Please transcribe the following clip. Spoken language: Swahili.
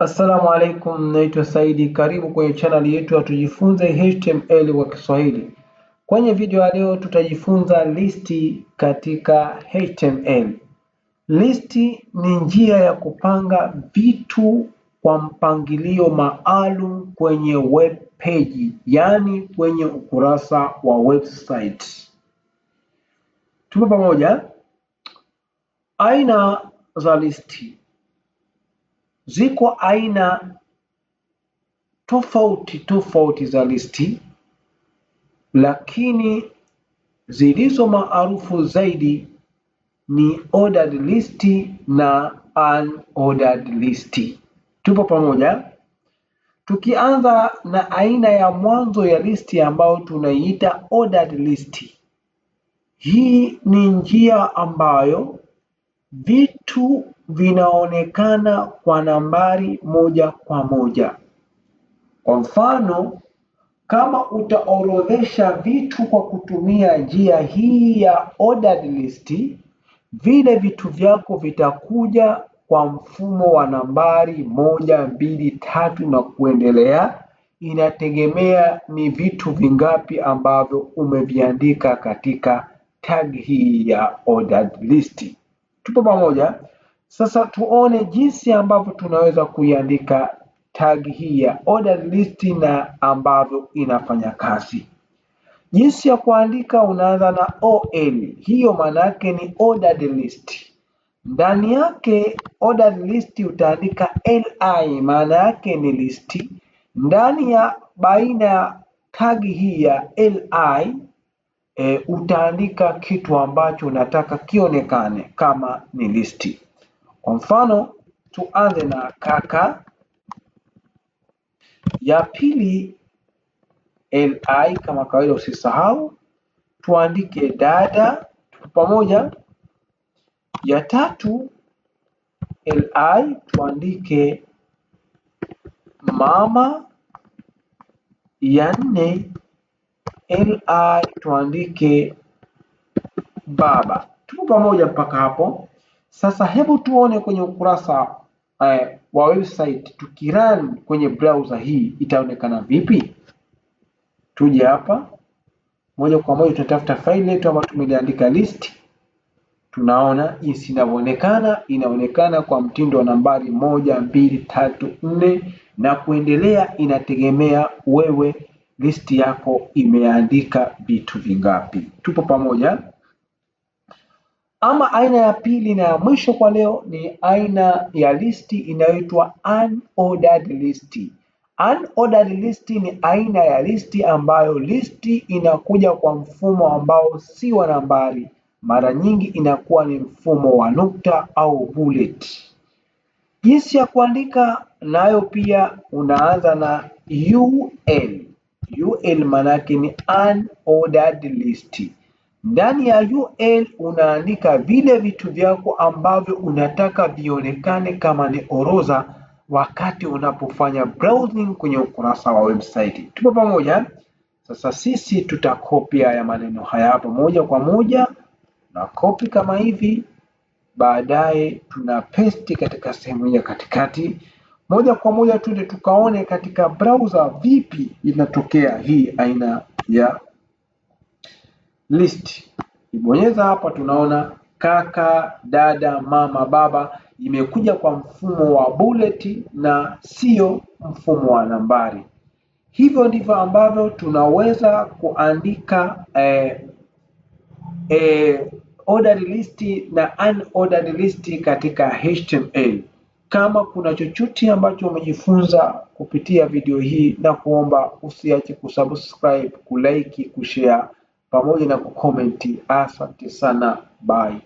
Assalamu alaikum, naitwa Saidi, karibu kwenye chaneli yetu ya tujifunze HTML kwa Kiswahili. Kwenye video ya leo tutajifunza listi katika HTML. Listi ni njia ya kupanga vitu kwa mpangilio maalum kwenye web page, yaani kwenye ukurasa wa website. Tupo pamoja? Aina za listi Ziko aina tofauti tofauti za listi, lakini zilizo maarufu zaidi ni ordered list na unordered list. Tupo pamoja? Tukianza na aina ya mwanzo ya listi ambayo tunaiita ordered list. Hii ni njia ambayo vitu vinaonekana kwa nambari moja kwa moja. Kwa mfano, kama utaorodhesha vitu kwa kutumia njia hii ya ordered list, vile vitu vyako vitakuja kwa mfumo wa nambari moja, mbili, tatu na kuendelea. Inategemea ni vitu vingapi ambavyo umeviandika katika tag hii ya ordered list. Tupo pamoja? Sasa tuone jinsi ambavyo tunaweza kuiandika tag hii ya order list na ambavyo inafanya kazi. Jinsi ya kuandika unaanza na OL, hiyo maana yake ni ordered list. Ndani yake ordered list utaandika li, maana yake ni listi. Ndani ya baina ya tag hii ya li e, eh, utaandika kitu ambacho unataka kionekane kama ni listi. Kwa mfano tuanze na kaka, ya pili li kama kawaida, usisahau tuandike dada, pamoja. Ya tatu li tuandike mama. Ya nne li tuandike baba. Tupo pamoja mpaka hapo. Sasa hebu tuone kwenye ukurasa eh, wa website tukirun kwenye browser hii itaonekana vipi? Tuje hapa moja kwa moja, tunatafuta faili yetu ambayo tumeliandika list. Tunaona jinsi inavyoonekana, inaonekana kwa mtindo wa nambari moja, mbili, tatu, nne na kuendelea. Inategemea wewe listi yako imeandika vitu vingapi. Tupo pamoja. Ama aina ya pili na ya mwisho kwa leo ni aina ya listi inayoitwa unordered list. Unordered list ni aina ya listi ambayo listi inakuja kwa mfumo ambao si wa nambari, mara nyingi inakuwa ni mfumo wa nukta au bullet. Jinsi ya kuandika nayo pia unaanza na ul. Ul maana ni unordered list. Ndani ya UL unaandika vile vitu vyako ambavyo unataka vionekane kama ni orodha wakati unapofanya browsing kwenye ukurasa wa website. Tupo pamoja? Sasa sisi tutakopi haya maneno haya hapo moja kwa moja na kopi kama hivi, baadaye tuna paste katika sehemu ya katikati. Moja kwa moja tuende tukaone katika browser vipi inatokea hii aina ya list. Ukibonyeza hapa tunaona kaka, dada, mama, baba imekuja kwa mfumo wa bullet na sio mfumo wa nambari. Hivyo ndivyo ambavyo tunaweza kuandika eh, eh, ordered list na unordered list katika HTML. Kama kuna chochote ambacho umejifunza kupitia video hii, na kuomba usiache kusubscribe, kulike, kushare pamoja na kukomenti. Asante sana, bye.